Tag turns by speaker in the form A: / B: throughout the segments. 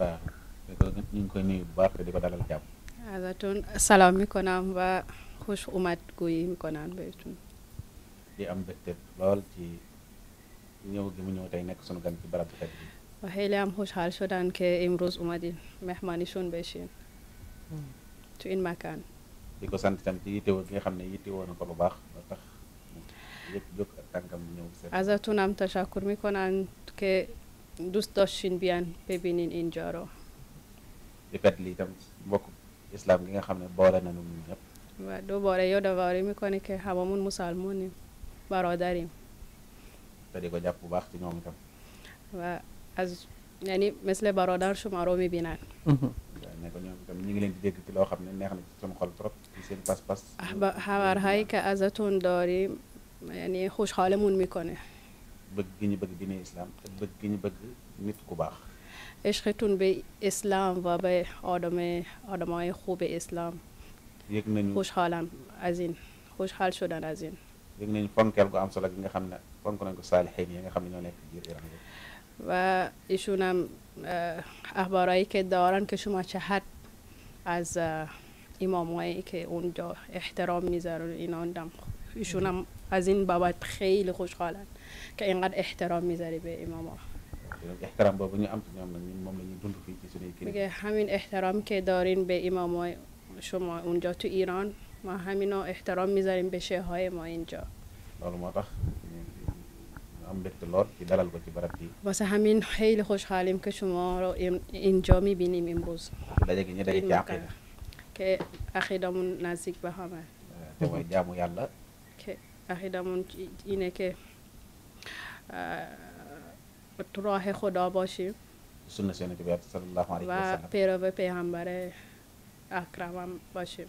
A: star
B: haala toon salam mi konaam ba hush umatgoyi mi konaan bay tun
A: di am mbégte lool ci ñëw gi mu ñëw tey nekk sunu gan ci barab bi tedd bi di ko sant ci yittewoo gi nga xam ne yittewoo na ko lu baax ba tax yëpp jóg ak tànkam ñëw
B: ازتونم تشکر میکنن که dustoshin bian pebinin injoro
A: rifet li itam mbokk islam gi nga xam ne boole na nu ñun ñëpp
B: wa ɗo ɓoore yodavarimi koni ke haɓa mum musalmunim ɓarodarim
A: kadi ko jappu baxti ñoom itam
B: wa as yani mesle barodar chumaromi binan
A: mhm. leen di dégg ci loo xam ne neex na ci suñu xol trop ci seen pas-pas
B: xawar hay ka azatun doori yani xushxaale mun mi kone
A: bëgg gi ñu bëgg diine islam ak bëgg gi ñu bëgg nit ku baax
B: ishritunbe islam wabe odame odamay xube islam yëg nañu xushxaalan azin xushxaal shodan azin
A: yëg nañu fonkeel gu am solo gi nga xam ne fonk nañ ko saalixiin yi nga xam ne ñoo nekk biir Iran
B: و ایشون اخبارایی که دارن که شما چه حد از امامایی که اونجا احترام میذارن اینا دم ایشون از این بابت خیلی خوشحالن که اینقدر احترام میذاری به اماما
A: احترام بابا نیم میگه
B: همین احترام که دارین به اماما شما اونجا تو ایران ما همینو احترام میذاریم به شیخهای ما اینجا واسه همین خیلی خوشحالیم که شما رو اینجا میبینیم امروز که عقیدمون نزدیک به همه اخیدمون اینه که راه خدا باشیم و پیرو پیغمبر اکرمم باشیم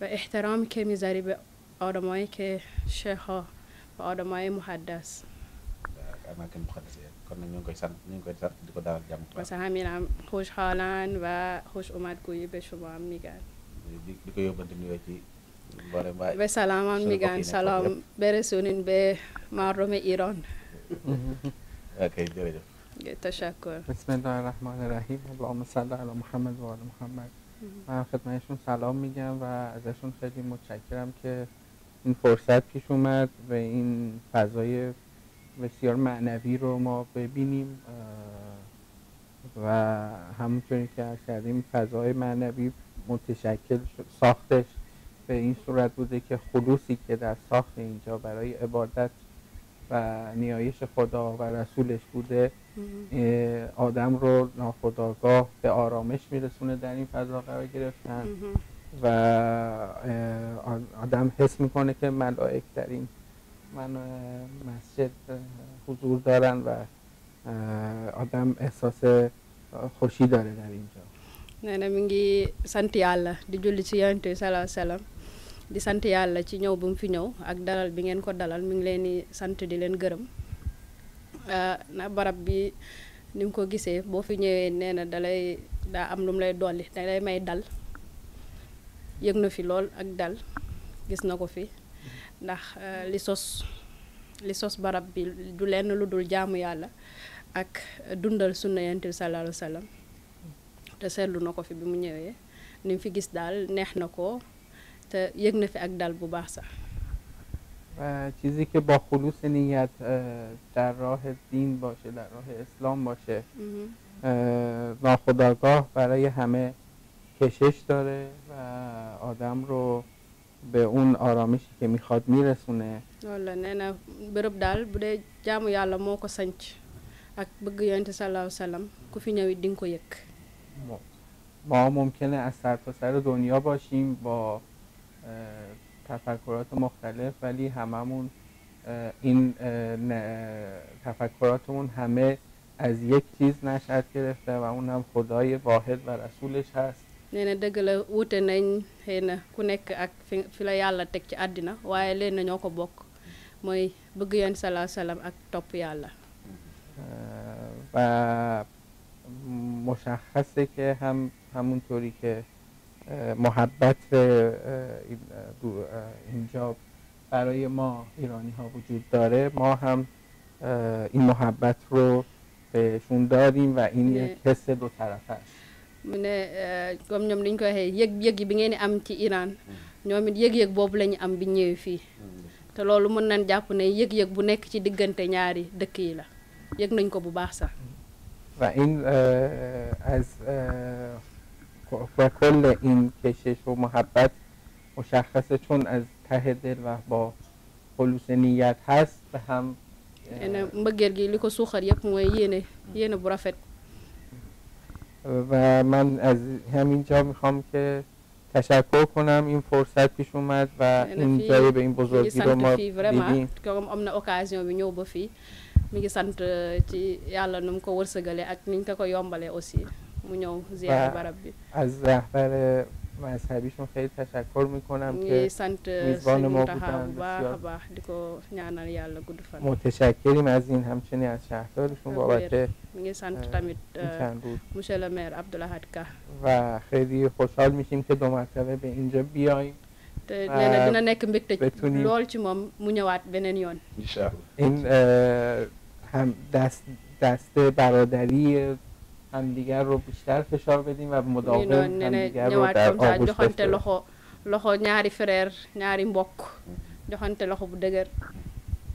B: و احترام که میذاری به آدمایی که شیخ ها و آدمای مقدس واسه همینم خوشحالن و خوش اومدگویی به شما هم میگن
A: di ko yóbbante nuyoo ci ɓe
B: salaman migan salam ɓe resunin ɓe marrome iran
A: ok jërëjëf
B: tachakur
C: bismillahi rahmani rahim allahuma salli ala muhammad wa ala muhammad من خدمتشون سلام میگم و ازشون خیلی متشکرم که این فرصت پیش اومد و این فضای بسیار معنوی رو ما ببینیم و همونطوری که کردیم فضای معنوی متشکل ساختش به این صورت بوده که خلوصی که در ساخت اینجا برای عبادت و نیایش خدا و رسولش بوده آدم رو ناخداگاه به آرامش میرسونه در این فضا قرار گرفتن و آدم حس میکنه که ملائک در این من مسجد حضور دارن و آدم احساس خوشی داره در اینجا
B: nee na mi ngi sant yàlla di julli ci yonent bi salaa di sant yàlla ci ñëw bu mu fi ñëw ak dalal bi ngeen ko dalal mu ngi leen di sant di leen gërëm ah, na barab bi ni mu ko gisee boo fi ñëwee nee na dalay daa am lu mu lay dolli da may dal yëg na fi lool ak dal gis na ko fi ndax ah, li sos li sos barab bi du lenn lu dul jaamu yàlla ak dundal sunna yonent bi salaa te seetlu na ko fi bi mu ñëwee ni fi gis daal neex na ko te yëg na fi ak dal bu baax sax
C: چیزی که با خلوص نیت در راه دین باشه در راه اسلام باشه ناخداگاه برای همه کشش داره و آدم رو به اون آرامشی که میخواد میرسونه
B: والا nee na bërëb daal bu dee jaamu yàlla moo ko sanc ak bëgg yonent sallallahu alayhi wa ku fi ñëw it di nga ko yëg
C: ما ممکنه از سرتاسر سر دنیا باشیم با تفکرات مختلف ولی هممون این تفکراتمون همه از یک چیز نشأت گرفته و اونم خدای واحد و رسولش هست
B: nee na dëgg la wuute nañ xëy na ku nekk ak fi fi la yàlla teg ci àddina waaye leen na ñoo ko bokk mooy bëgg yoon salaa salaam ak topp yàlla
C: مشخصه که هم همونطوری که محبت اینجا برای ما ایرانی ها وجود داره ما هم این محبت رو بهشون دادیم و این یک حس دو طرفه است
B: mu ne comme ñoom liñ ko waxee yëg-yëg yi bi ngeen am ci Iran ñoom it yëg-yëg boobu la ñu am bi ñëwee fii te loolu mën nañ jàpp ne yëg-yëg bu nekk ci diggante ñaari dëkk yi la yëg nañ ko bu baax sax
C: و این از و کل این کشش و محبت مشخصه چون از ته دل و با خلوص نیت هست به هم
B: nee mbëggeel gi li ko suuxal yëpp mooy yéene yéene bu rafet
C: و من از همینجا میخوام که تشکر کنم این فرصت پیش اومد و این جای به این بزرگی رو ما دیدیم
B: am na occasion bi ñëw ba fii mi ngi sant euh, ci yàlla nu mu ko wërsëgale ak ni ñu ko ko yombalee aussi mu ñëw ziar barab bi
C: از رهبر مذهبیشون خیلی تشکر میکنم که میزبان ما بودن بسیار
B: متشکریم
C: از این همچنین از شهردارشون بابت چند بود و خیلی خوشحال میشیم که دو مرتبه به اینجا بیایم te nee na dina nekk mbégte lool
B: ci moom mu ñëwaat beneen yoon.
C: incha allah euh, هم دست دسته برادری همدیگر رو بیشتر فشار بدیم و مداوم همدیگر رو در آغوش joxante loxo
B: loxo ñaari frère ñaari mbokk joxante loxo bu dëgër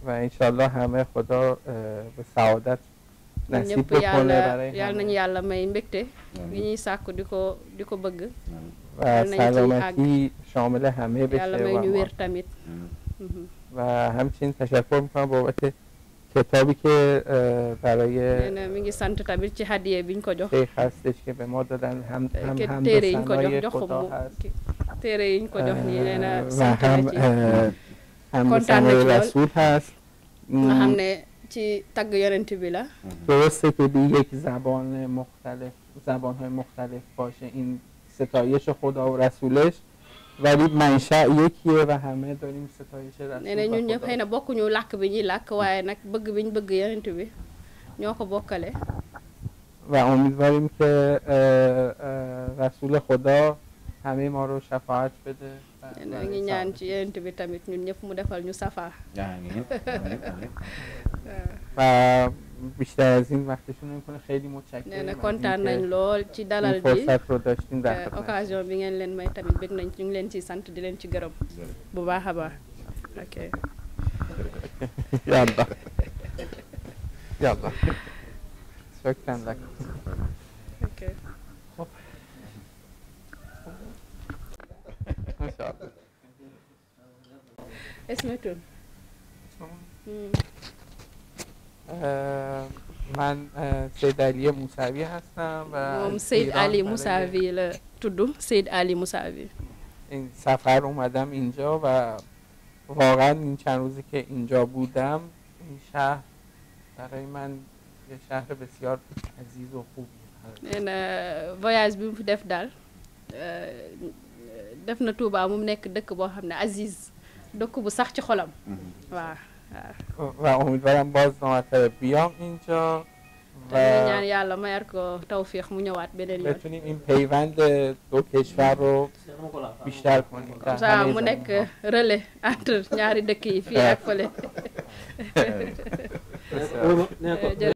C: و انشالله همه خدا به سعادت نصیب بکنه برای یالا
B: nañu yàlla may mbégte yi ñuy sàkku di ko di ko bëgg و سلامتی
C: شامل همه بشه یالا may ñu wér tamit و همچنین تشکر میکنم بابت کتابی که برای
B: می گی سنت تابیر چی هدیه بین کجا شیخ
C: هستش که به ما دادن هم هم هم تیره این کجا خدا هست
B: تیره این کجا نیه نه سنت هم
C: هم رسول هست هم
B: نه چی تگ یارنتی بیلا
C: درسته که بی یک زبان مختلف زبان های مختلف باشه این ستایش خدا و رسولش ولی منشأ یکیه و همه داریم ستایش رسول nee na ñun ñëpp xëy
B: na bokkuñu làkk bi ñuy làkk waaye nag bëgg bi ñu bëgg yonent bi ñoo ko bokkale
C: و امیدواریم که رسول خدا همه ما رو شفاعت بده nee
B: ci yonent bi tamit ñun ñëpp mu defal ñu safa
C: بیشتر از این وقتشون نمیکنه خیلی متشکرم nee na kontaan nañ lool ci dalal bi occasion
B: bi ngeen leen may tamit bëgg nañ ci ngi leen ciy sant di leen ci gërëm bu baax a baax ok yàlla
A: yàlla شكرا لك اوكي ما
C: من سید علی موسوی
B: هستم و من سید علی موسوی تودو سید علی موسوی
C: این سفر اومدم اینجا و واقعا این چند روزی که اینجا بودم این شهر برای من یه شهر بسیار عزیز و خوبی nee
B: voyage bi mu fi def daal def na Touba mu nekk dëkk boo xam ne Aziz dëkk bu sax ci xolam waaw
C: و امیدوارم باز نامطلب بیام اینجا
B: و یالا مایر کو توفیق مو نوات بنن بتونیم
C: این پیوند دو کشور رو بیشتر کنیم مثلا مو نک
B: رله انتر ñaari dëkk yi fii ak fële